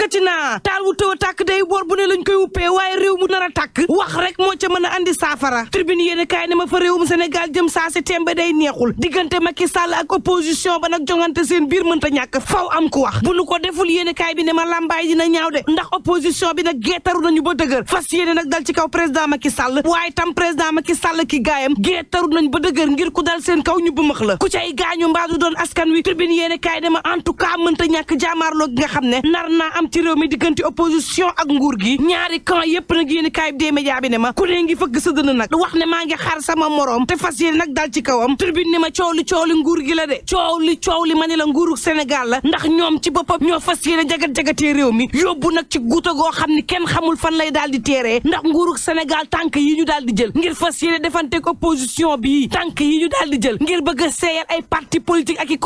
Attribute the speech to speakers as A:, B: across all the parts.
A: yëkkati naa taal wu tëw a tàkk day boor bu ne lañ koy wuppee waaye réew mu nar a tàkk wax rek moo ca mën a andi saafara tribune yéen kaay ne ma fa réewum Sénégal jëm saa si tembe day neexul diggante Macky Sall ak opposition ba nag jongante seen biir mënta ñàkk faw am ku wax bu nu ko kaay bi ne ma làmbaay dina ñaaw de ndax opposition bi na geetaru nañu ba dëgër fas yéene nag dal ci kaw président Macky Sall waaye tam président ma Sall ki gaayam geetaru nañ ba dëgër ngir ku dal seen kaw ñu bëmax la ku cay gaañu mbaadu doon askan wi tribune yéen kaay ne ma en tout cas mënta ñàkk jaamaarloo gi nga xam ne nar naa am ci réew mi diggante opposition ak nguur gi ñaari camp yépp nag yéen i kaay média bi ne ma ku ne ngi fëgg sa dënn nag wax ne maa ngi xaar sama morom te fas yéene nag dal ci kawam tribune ne ma coow li coow li nguur gi la de coow li coow li ma ne la nguuru Sénégal la ndax ñoom ci boppam ñoo fas yéene jagat-jagatee réew mi yóbbu nag ci guuta goo xam ni kenn xamul fan lay daal di teeree ndax nguur Sénégal tànk yi ñu daal di jël ngir fas yéene defanteeg opposition bi tànk yi ñu daal di jël ngir bëgg a seeyal ay parti politique ak i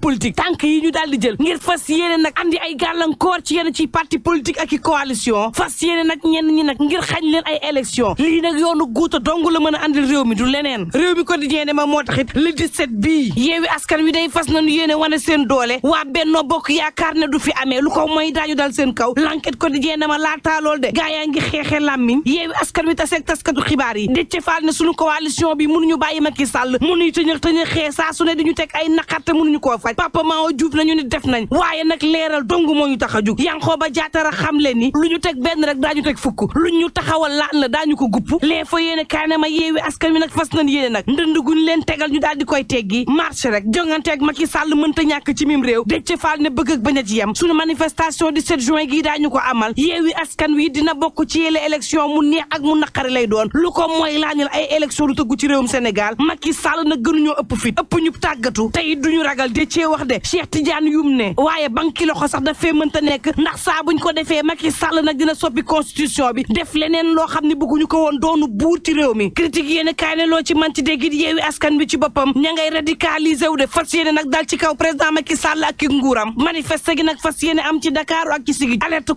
A: politique tànk yi ñu daal di jël ngir fas yéene nag andi ay gàllankoor ci yenn ci parti politique ak i coalition fas yéene nag ñenn ñi nag ngir xañ leen ay élection lii nag yoonu guuta dong la mën a andil réew mi du leneen réew mi quotidien ne ma moo taxit le 17 bii yeewi askan wi day fas nañu yéene wane seen doole waa bennoo bokk yaakaar ne du fi amee lu ko mooy daañu dal seen kaw l'enquête quotidien ne ma laataa lool de gaa yaa ngi xeexee làmmiñ yeewi askan wi ta taseeg taskatu xibaar yi Déthié Fall ne suñu coalition bi mënuñu bàyyi Macky Sall mënuñu tëñëx xee saa su ne di ñu teg ay naqarte mënuñu koo faj papa Mao Diouf nañu ni def nañ waaye nag leeral dong moo ñu tax a jug Yankhoba Diattara xam le ni lu ñu teg benn rek daa ñu teg fukk lu ñu taxawal laan la daa ñu ko gupp lee fa yéene kaay na ma yeewi askan wi nag fas nañ yéene nag ndënd guñ leen tegal ñu daal di koy teggi marché rek jongante ak Macky Sall mënta ñàkk ci mim réew Déthié Fall ne bëgg ak bañ a ci yem suñu manifestation di 7 juin gii daañu ko amal yeewi askan wi dina bokk ci yële élection mu neex ak mu naqari lay doon lu ko mooy laañal ay élection lu tëggu ci réewum Sénégal Macky Sall nag gënuñoo ëpp fit ëpp ñu tàggatu tey duñu ragal Déthié wax de Cheikh Tidiane yum ne waaye banki loxo sax dafee mënta nekk ndax saa buñ ko defee Macky Sall nag dina soppi constitution bi def leneen loo xam ne bëgguñu ko woon doonu buur ci réew mi critique yéen kaay ne loo ci manti déggit yeewi askan bi ci boppam ña ngay radicaliser wu de fas nag dal ci kaw président Macky Sall ak ki nguuram manifeste gi nag fas yéene am ci Dakar ak ci sigi alerte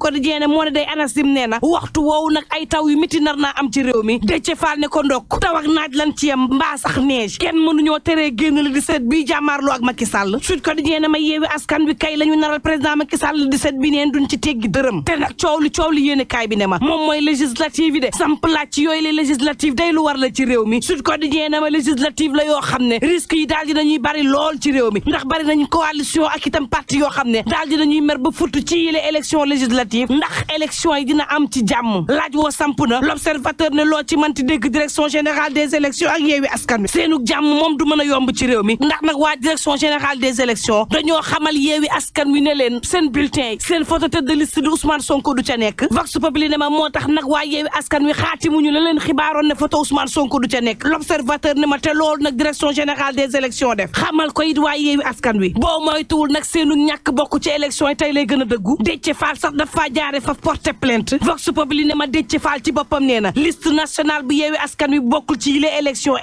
A: moo ne day ANACIM nee na waxtu woowu nag ay taw yu miti nar naa am ci réew mi Déthié Fall ne ko ndokk taw ak naaj lan ci yem mbaa sax neige kenn mënuñoo teree génn la di seet bii jàmmaarloo ak Macky Sall Sud Quotidien ma yeewi askan bi la ñu naral président Macky Sall di seet ñun duñ ci teggi dërëm te nag coow li coow li yéene kaay bi ne ma moom mooy législative yi de samp laaj ci yooyu la législative day lu war la ci réew mi Sud Quotidien ne ma législative la yoo xam ne risque yi daal dinañuy bari lool ci réew mi ndax bari nañ coalition ak itam parti yoo xam ne daal dinañuy mer ba futt ci yile élection législative ndax élection yi dina am ci jàmm laaj woo samp na l'observateur ne loo ci manti dégg direction a yomb ci réew mi ndax nag waa direction générale des élections dañoo yeewi photo tête de liste di Ousmane Sonko du ca nekk Vox Populi ne ma moo tax nag waa Yewwi Askan Wi mu xaatimuñu la leen xibaaroon ne photo Ousmane Sonko du ca nekk L'Observateur ne ma te lool nag direction générale des élections def xamal ko it waa Yewwi Askan Wi boo moytuwul nag seenu ñàkk bokk ci élection yi tey lay gën a dëggu Déthié Fall sax dafa jaare fa porter plainte Vox Populi ne ma Déthié Fall ci boppam nee na liste nationale bu Yewwi Askan Wi bokkul ci yile élection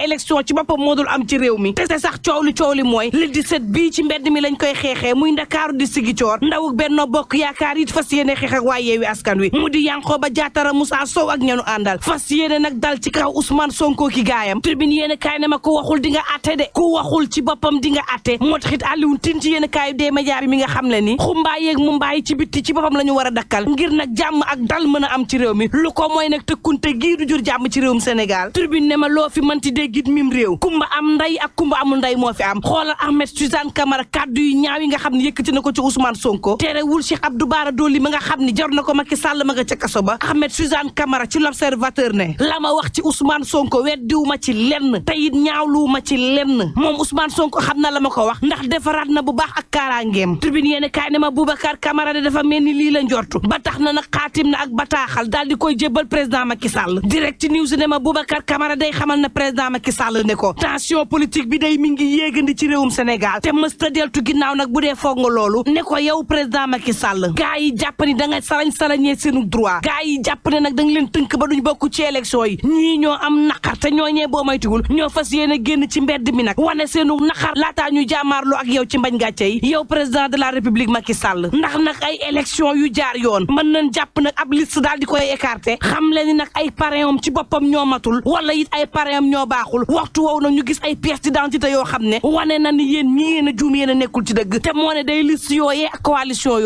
A: ci boppam moo dul am ci réew mi te sax coow li coow li mooy le 17 bii ci mbedd mi lañ koy xeexee muy Ndakaaru di Sigicoor ndaw Benno Bokk Yaakaar yaakaar it fas yéene xeex ak waa yeewi askan wi mu di Yankhoba Diattara Moussa Sow ak ñenu àndal fas yéene nag dal ci kaw Ousmane Sonko ki gaayam tribune yéene kaay ne ma ku waxul di nga atte de ku waxul ci boppam di nga atte moo taxit Alioune Tine ci yéene kaay dee média mi nga xam le ni xumbaa yeeg mu mbaay ci bitti ci boppam la ñu a dakkal ngir nag jàmm ak dal mën a am ci réew mi lu ko mooy nag tëkkunte gii du jur jàmm ci réewum Sénégal tribune ne ma loo fi mënti déggit mim réew kumba am nday ak kumba amul nday moo fi am xoolal Ahmed Suzanne Camara kàddu yu ñaaw yi nga xam ne yëkkati na ko ci Ousmane Sonko terewul Amadou Bara Dolly ma nga xam ni jar na ko Macky Sall ma nga ca kaso ba Ahmed Suzanne Camara ci l'observateur ne la ma wax ci Ousmane Sonko weddiwu ma ci lenn te it ñaawlu ma ci lenn moom Ousmane Sonko xam na la ma ko wax ndax defaraat na bu baax ak kaaraangeem tribune yéene kaay ne ma Boubacar Camara de dafa mel ni lii la njortu ba tax na na xaatim na ak bataaxal daal di koy jébbal président Macky Sall direct news ne ma Boubacar Camara day xamal na président Macky Sall ne ko tension politique bi day mi ngi yéegandi ci réewum Sénégal te mësta deltu ginnaaw nag bu dee foog nga loolu yow président Macky Sall gaa yi jàpp ni da nga salañ-salañee seenu droit gaa yi jàpp ne nag da nga leen tënk ba duñ bokk ci élection yi ñii ñoo am naqar te ñoo ñee boo maytuwul ñoo fas yéene génn ci mbedd mi nag wane seenu naqar laataa ñu jaamaarloo ak yow ci mbañ gàcce yi yow président de la république Macky Sall ndax nag ay élection yu jaar yoon man nañ jàpp nag ab liste daal di koy écarté xam leen ni nag ay parrain am ci boppam ñoo matul wala it ay parrain am ñoo baaxul waxtu woowu nag ñu gis ay pièces d'identité yoo xam ne wane na ni yéen ñi yéen a juum yéen nekkul ci dëgg te moo ne ak coalition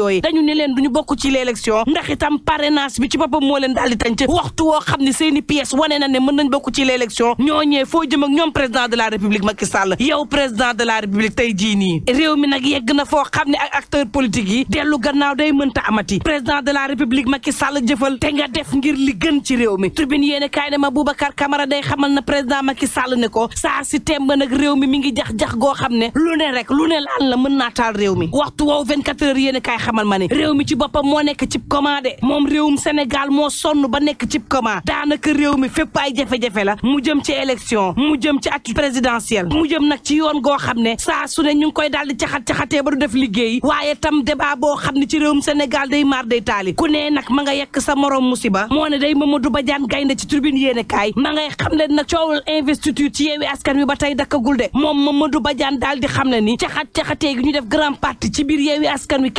A: leen du ñu bokk ci l'élection ndax itam parrainage bi ci boppam moo leen daal di tànc waxtu woo xam ne seen i pièces wane na ne mën nañ bokk ci l'élection ñooñee foo jëm ak ñoom président de la république Macky Sall yow de la république tey jii nii réew mi nag yegg na foo xam ne ak acteur politique yi dellu gannaaw day mënta amati président de la république Macky Sall jëfal te nga def ngir li gën ci réew mi tribune yéen kaay ne ma Boubacar Camara day xamal na président Macky Sall ne ko saa si réew mi mi ngi jax-jax goo xam ne lu ne rek lu ne laal la mën naa taal réew mi waxtu woowu 24 heures yéen kaay xamal réew mi ci boppam moo nekk cib commandé moom réewum Sénégal moo sonn ba mi fépp la mu jëm ci élection mu jëm ci ak présidentielle mu jëm nag ci yoon goo xam ne saa su ne ñu ngi koy daal di caxat caxatee ba du def liggéey waaye tam débat boo xam ne ci réewum Sénégal day maar day taali ku ne nag ma nga yekk sa morom musiba moo ne day Mamadou Badiane gaynde ci tribune yéene kaay ma ngay xam ne nag coowul investiture ci yeewi askan wi ba tey dakkagul de moom Mamadou Badiane daal di xam ne ni caxat caxatee gi ñu def grand parti ci biir yeewi askan wi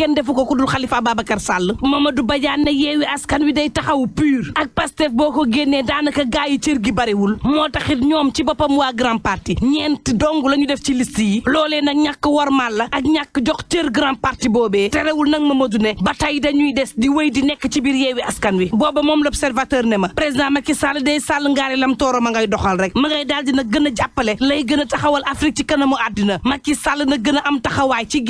A: Ababacar Sall Mamadou Badiane ne yeewi askan wi day taxaw pur ak Pastef boo ko génnee daanaka gaa yi cër gi bariwul moo taxit ñoom ci boppam waa grand parti ñeent dong la ñu def ci liste yi loolee nag ñàkk warmal la ak ñàkk jox cër grand parti boobee terewul nag Mamadou ne ba tey dañuy des di wéy di nekk ci biir yeewi askan wi booba moom l'observateur ne ma président Macky Sall day sàll ngaari lam tooro ma ngay doxal rek ma ngay daal di nag gën a jàppale lay gën a taxawal Afrique ci kanamu àddina Macky Sall na gën a am taxawaay ci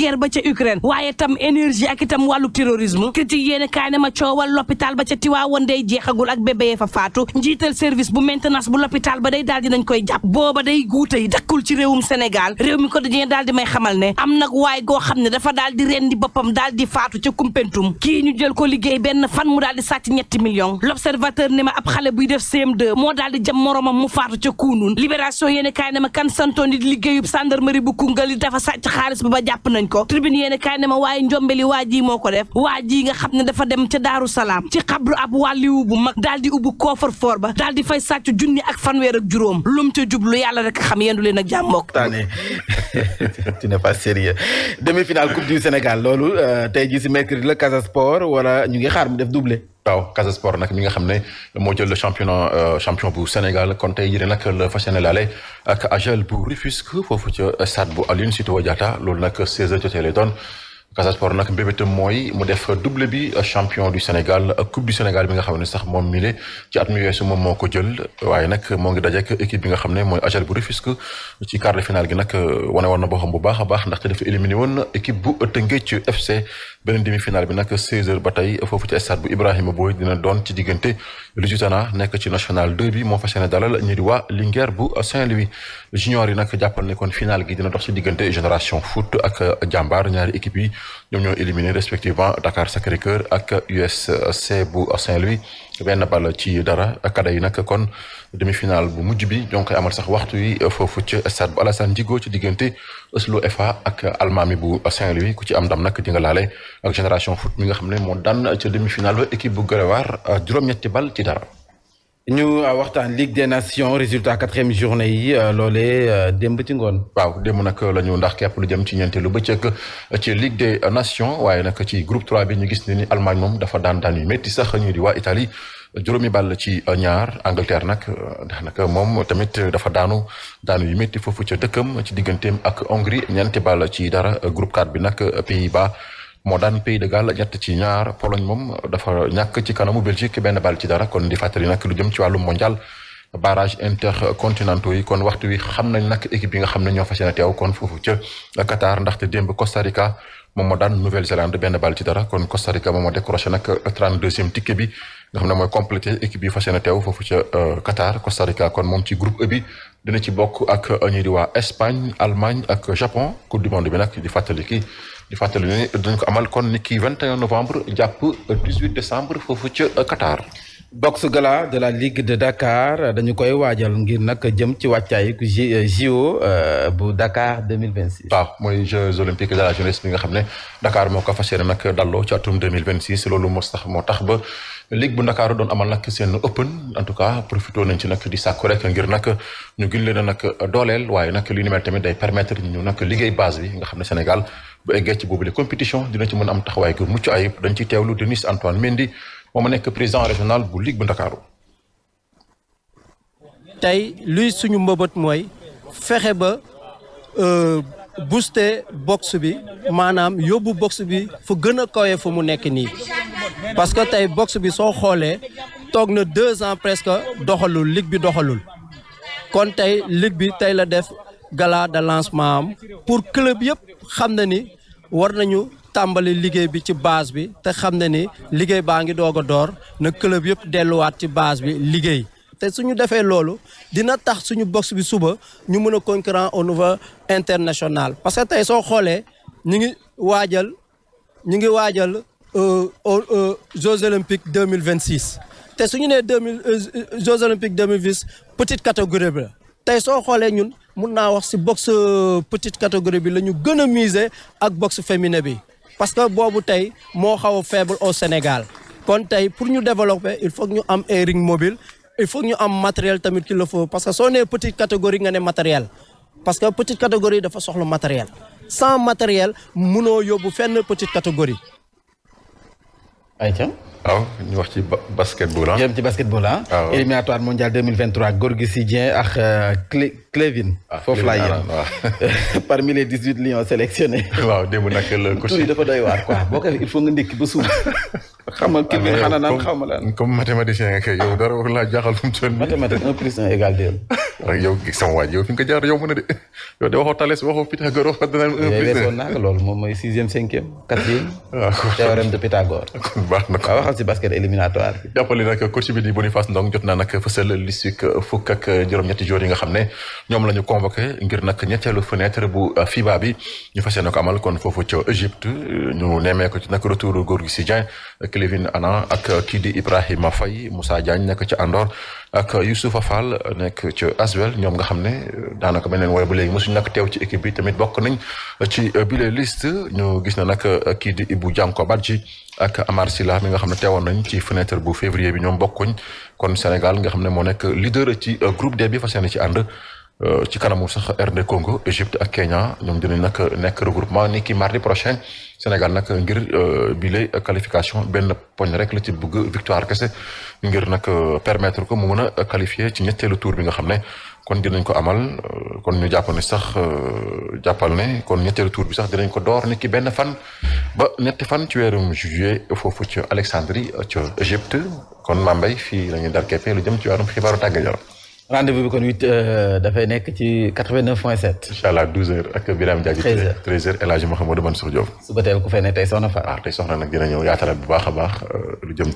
A: terrorisme critique yéen kaay ne ma coowal l'hôpital ba ca Tiwaawoon day jeexagul ak bébé fa faatu njiital service bu maintenance bu l'hôpital ba day daal di nañ koy jàpp booba day guute yi dakkul ci réewum Sénégal réew mi ko dañee daal di may xamal ne am nag waay goo xam ne dafa daal di rendi boppam daal di faatu ca Kumpentum kii ñu jël ko liggéey benn fan mu daal di sàcc ñetti millions l'observateur ne ma ab xale buy def CM2 moo daal di jam moroomam mu faatu ca Kounoune libération yéen kaay ne ma kan santoon di liggéeyub gendarmerie bu Koungheul dafa sàcc xaalis ba ba jàpp nañ ko tribune ma waaye njombeli waa ji waa jii nga xam ne dafa dem ca daaru salaam ci xabru ab wàlliwu bu mag daal di ubbu koofar foor ba daal di fay sàcc junni ak fanweer ak juróom lum ca jublu yàlla rek xam yendu leen a jàmm mbokk
B: taane tu n'es pas sérieux demi finale coupe du Sénégal loolu euh, tey jii si mercredi la Casa Sport wala ñu ngi xaar mu def doublé waaw nag mi nga xam ne moo jël le championnat euh, bu Sénégal kon tey jii nag la ak Agel bu Rufisque foofu ca stade bu Aline Sitoé Diatta loolu nag 16h jotee lay doon Casa Sport nag mbébétam mooy mu def double bi champion du Sénégal ak coupe Sénégal bi nga xam ne sax moom mile ci at mi moom moo ko jël waaye nag moo ngi dajeek équipe bi nga xam ne mooy AGEL bu Rufisque ci quart de finale gi woon na boo xam bu baax a baax ndaxte dafa éliminé woon équipe bu Teungueth FC bi nag 16 ba tey foofu ci stade Ibrahima Boye dina doon ci diggante Lusitana nekk ci national 2 bi moo fas waa Linguère bu Saint-Louis junior yi nag jàppal ne kon finale gi dina dox ci diggante génération foot ak jàmbaar ñaari équipe yi. ñoom ñoo éliminé respectivement Dakar Sacré-Cœur ak USC bu Saint-Louis benn bal ci dara kada yi nag kon demi-finale bu mujj bi ñoo koy amal sax waxtu yi foofu ci stade bu Alassane Djigo ci diggante Oslo FA ak Almami bu Saint-Louis ku ci am ndam nag di nga laale ak Génération Foot mi nga xam ne moo daan ca demi-finale bu équipe bu Guelwaar juróom-ñetti bal ci dara. ñu euh, waxtaan Ligue des Nations résultat quatrième journée yi euh, loolee euh, démb ci ngoon. waaw démb nag la ñu ndax képp lu jëm ci ñeenteelu bëccëg ci Ligue des Nations waaye nag ci groupe 3 bi ñu gis ne ni Allemagne moom dafa daan daan yu métti sax a ñu di waa Italie juróomi ball ci ñaar Angleterre nag daanaka moom tamit dafa daanu daan yu métti foofu ci dëkkam ci digganteem ak Hongrie ñeenti ball ci dara groupe 4 bi nag Pays-Bas. moo daan pays de Galles ñett ci ñaar Pologne moom dafa ñàkk ci kanamu Belgique benn bal ci dara kon di fàttali nag lu jëm ci wàllu mondial barrage intercontinentaux yi kon waxtu wi xam nañ nag équipe yi nga xam ne ñoo fas yéene teew kon foofu ca Qatar ndaxte demb Costa Rica moom moo daan Nouvelle-Zélande benn bal ci dara kon Costa Rica moom moo décroché nag 32e ticket bi nga xam ne mooy complété équipe yi fas yéene teew foofu ca euh, Qatar Costa Rica kon moom ci groupe E bi dina ci bokk ak euh, ñu di waa Espagne Allemagne ak Japon coupe du monde bi nag di fàttali di fàttali ni dañ ko amal kon ni ki 21 novembre jàpp 18 décembre foofu ca euh, Qatar. boxe gala de la ligue de Dakar dañu koy waajal ngir nag jëm ci wàccaay JO euh, bu Dakar 2026. waaw mooy Jeux olympiques de la jeunesse bi nga xam ne Dakar moo ko fas yéene nag dalloo ci atum 2026 loolu moo sax moo tax ba. ligue bu ndakaaru doon amal nag seen open en tout cas profité nañ ci nag di sàkku rek ngir nag ñu gën leen a nag dooleel waaye nag li ni mel tamit day permettre ñu nag liggéey base bi nga xam ne Sénégal bu eggee ci boobule a nekk président régional
C: mooy fexe ba euh, booster box bi maanaam yóbbu box bi fu gën a kawe fu mu nekk nii parce que tey boxe bi soo xoolee toog na deux ans presque doxalul ligue bi doxalul kon tey ligue bi tey la def gala de lancement am pour club yëpp xam na ni war nañu tàmbali liggéey bi ci base bi te xam na ni liggéey baa ngi doog a door na club yëpp delluwaat ci base bi liggéey te suñu defee loolu dina tax suñu boxe bi suba ñu mën a concurrent au niveau international parce que tey soo xoolee ñu ngi waajal ñu ngi waajal aux euh, euh, Jeux olympiques deux mille vingt six te su ñu nee deux mille euh, Jeux olympiques deux mille vingt petite catégorie bi la tey soo xoolee ñun mun naa wax si box petite catégorie bi la ñu gën a miser ak boxe féminin bi parce que boobu tey moo xaw a faible au Sénégal kon tey pour ñu développer il faut ñu am ay mobile il faut ñu am matériel tamit qu'il le faut parce que soo nee petite catégorie nga ne matériel parce que petite catégorie dafa soxla matériel sans matériel munoo yóbbu fenn petite catégorie.
B: ayca waaw ah, ñu wax ci basketball ah. jëm ci basketball ah. waaw ah, éliminatoire mondial 2023 Gorgui Sy Dieng ak euh, Clé Clévin. Ah, foofu laa yem parmi les dix huit lions sélectionnés. waaw démb nag la coach dafa doy waar quoi boo ko il faut nga ndékki ba suuf. xam nga kii naan xaw ma lan comme mathématicien nga kay yow dara war laa jaaxal fu mu toll nii. mathématique égale deux. rek yow sama waaj yow fi nga ko jaar yow mën na de yow de waxoo Thalès waxoo Pythagore waxoo dana. weesoon naa ko loolu moom mooy sixième cinquième quatrième. waaw ah, théorème de Pythagore. kon baax na ko a waxal si basket éliminatoire bi. jàppale nag coach bi di Boniface Ndong jot na nag fësal lissu fukk ak juróom-ñetti joueurs yi nga xam ne ñoom la ñu convoqué ngir nag ñetteelu fenêtre bu FIBA bi ñu fas yéene ko amal kon foofu ci Égypte ñu nemmee ko ci nag retour Gorgui Sy Dieng Clévin Ana ak kii di Ibrahima fay Moussa Diagne nekk ca Andor. ak Youssoupha Fall nekk ci Aswell ñoom nga xam ne daanaka beneen woy ba léegi mosuñu nag teew ci équipe bi tamit bokk nañ ci bile list ñu gis na nag kii di Ibou Dianko Badji ak Amar Silla mi nga xam ne teewoon nañ ci fenêtre bu février bi ñoom bokkuñ kon Sénégal nga xam ne moo nekk leader ci groupe D bi fas yéene ci ànd Euh, ci kanamu sax RD Congo Égypte ak Kenya ñoom dinañ nag nekk regroupement ni ki mardi prochain Sénégal nag ngir euh, bile qualification benn poñ rek la ci bëgg victoire kese ngir nag euh, permettre ko mu mën a qualifier ci ñetteelu tour bi nga xam ne kon dinañ ko amal kon ñu jàpp ne sax jàppal ne kon ñetteelu tour bi sax dinañ ko door ni ki benn fan ba ñetti fan ci weerum juillet foofu ci Alexandrie ca Égypte kon Mambay fii la ñuy dar lu jëm ci wàllum xibaaru tàggat yaram rendez-vous bi kon huit euh, dafay nekk ci quatre-vingt-neuf point sept. incha allah douze heures ak Birame Diadji. treize heures treize heures El Hadj Mouhamadou Mansour Diop. suba teel ku fay ne tey soxna Fall. waaw ah, tey nag dina ñëw yaatalal bu baax baax
A: euh, lu jëm